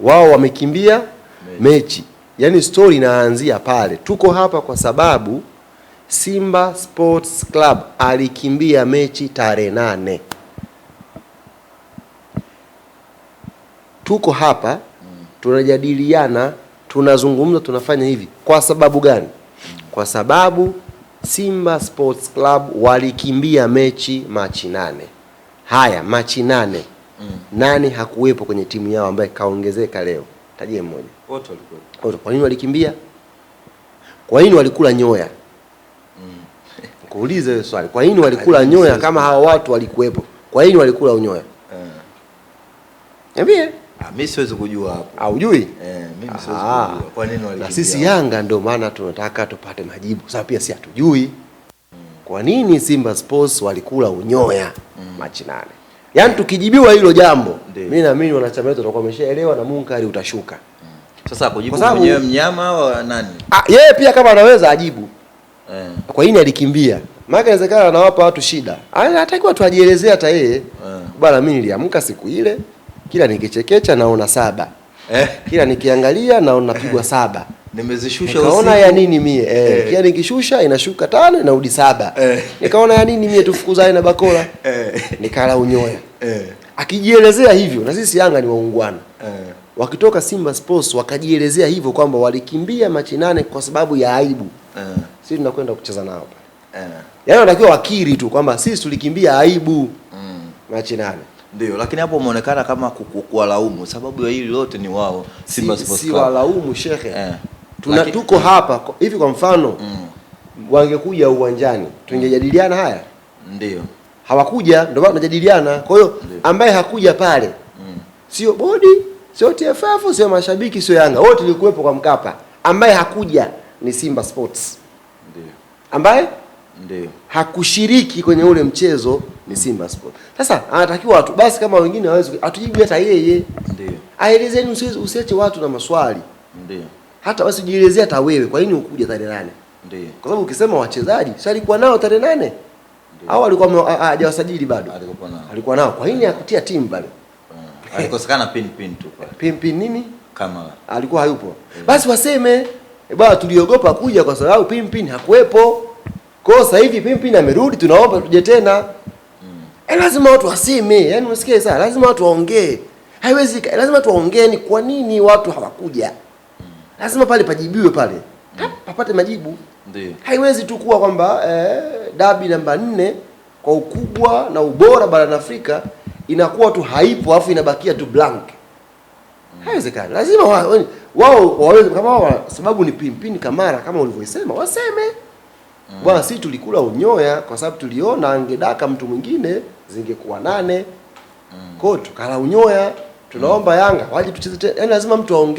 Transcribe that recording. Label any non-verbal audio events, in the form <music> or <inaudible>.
wao wamekimbia mechi. Yaani stori inaanzia pale. Tuko hapa kwa sababu Simba Sports Club alikimbia mechi tarehe nane. Tuko hapa mm. tunajadiliana, tunazungumza, tunafanya hivi kwa sababu gani? Mm. Kwa sababu Simba Sports Club walikimbia mechi Machi nane. Haya, Machi nane Mm. Nani hakuwepo kwenye timu yao ambaye kaongezeka leo? Tajie mmoja. Wote walikuwa. Wote. Kwa nini walikimbia? Kwa nini walikula nyoya? Mm. <laughs> Kuuliza hiyo swali. Kwa nini walikula nyoya kama hawa watu walikuwepo? Kwa nini walikula unyoya? Eh. Niambie. Ah, mimi siwezi kujua hapo. Ah, hujui? Eh, mimi siwezi kujua. Kwa nini walikimbia? Na sisi Yanga ndio maana tunataka tupate majibu. Sasa pia si hatujui. Mm. Kwa nini Simba Sports walikula unyoya mm. Machi nane? Yaani tukijibiwa hilo jambo, mimi naamini wanachama wetu watakuwa wameshaelewa na munkari utashuka. Mm. Sasa kujibu mwenyewe mnyama au nani? Ah, yeye pia kama anaweza ajibu. Eh. Kwa nini alikimbia? Maana inawezekana anawapa watu shida. Anatakiwa tu ajielezee hata yeye. Eh. Bwana, mimi niliamka siku ile kila nikichekecha naona saba. Eh. Kila nikiangalia naona napigwa saba nimezishusha nikaona ya nini mie eh, eh. Kia nikishusha inashuka tano inarudi saba eh. nikaona ya nini mie tufukuzane na bakora eh. nikala unyoya eh. akijielezea hivyo na sisi Yanga ni waungwana eh. wakitoka Simba Sports wakajielezea hivyo kwamba walikimbia Machi nane kwa sababu ya aibu eh. sisi tunakwenda kucheza nao eh. yaani wanatakiwa wakiri tu kwamba sisi tulikimbia aibu mm. Machi nane ndio, lakini hapo umeonekana kama kuwalaumu. Sababu ya hili lote ni wao Simba Sports Club. Si, si walaumu shekhe eh tuna Laki, tuko hapa hivi. Kwa mfano mm. wangekuja uwanjani tungejadiliana haya, ndio hawakuja, ndio maana tunajadiliana. Kwa hiyo ambaye hakuja pale mm. sio bodi, sio TFF, sio mashabiki, sio Yanga, wote tulikuwepo kwa Mkapa. Ambaye hakuja ni Simba Sports, ndio ambaye ndio hakushiriki kwenye ule mchezo ni Simba Sports. Sasa anatakiwa watu basi, kama wengine hawezi, atujibu hata yeye, ndio aelezeni, usiache watu na maswali, ndio hata wewe usijielezea hata wewe kwa nini ukuja tarehe nane. Ndio. Kwa sababu ukisema wachezaji si alikuwa nao tarehe nane au alikuwa hajawasajili bado? Alikuwa nao. Alikuwa nao. Kwa nini hakutia timu pale? Ah, alikosekana pin pin tu pale. Pin pin nini? Kama alikuwa hayupo. Yeah. Basi waseme e, bwana tuliogopa kuja kwa sababu pin pin hakuwepo. Kwa sasa hivi pin pin amerudi, tunaomba tuje tena. Mm. Eh, lazima watu waseme, yaani unasikia sasa, lazima watu waongee. Haiwezi, lazima ni kwa nini watu hawakuja lazima pale pajibiwe pale mm. papate majibu. Ndiyo. haiwezi tu kuwa kwamba eh, dabi namba nne kwa ukubwa na ubora barani Afrika inakuwa tu haipo afu inabakia tu blank mm. haiwezekani. Lazima wao wao kama wa, sababu ni pimpini Kamara kama ulivyosema waseme mm. bwana, si tulikula unyoya kwa sababu tuliona angedaka mtu mwingine zingekuwa nane mm. kwao tukala unyoya tunaomba mm. Yanga waje tucheze tena, yaani lazima mtu aongee.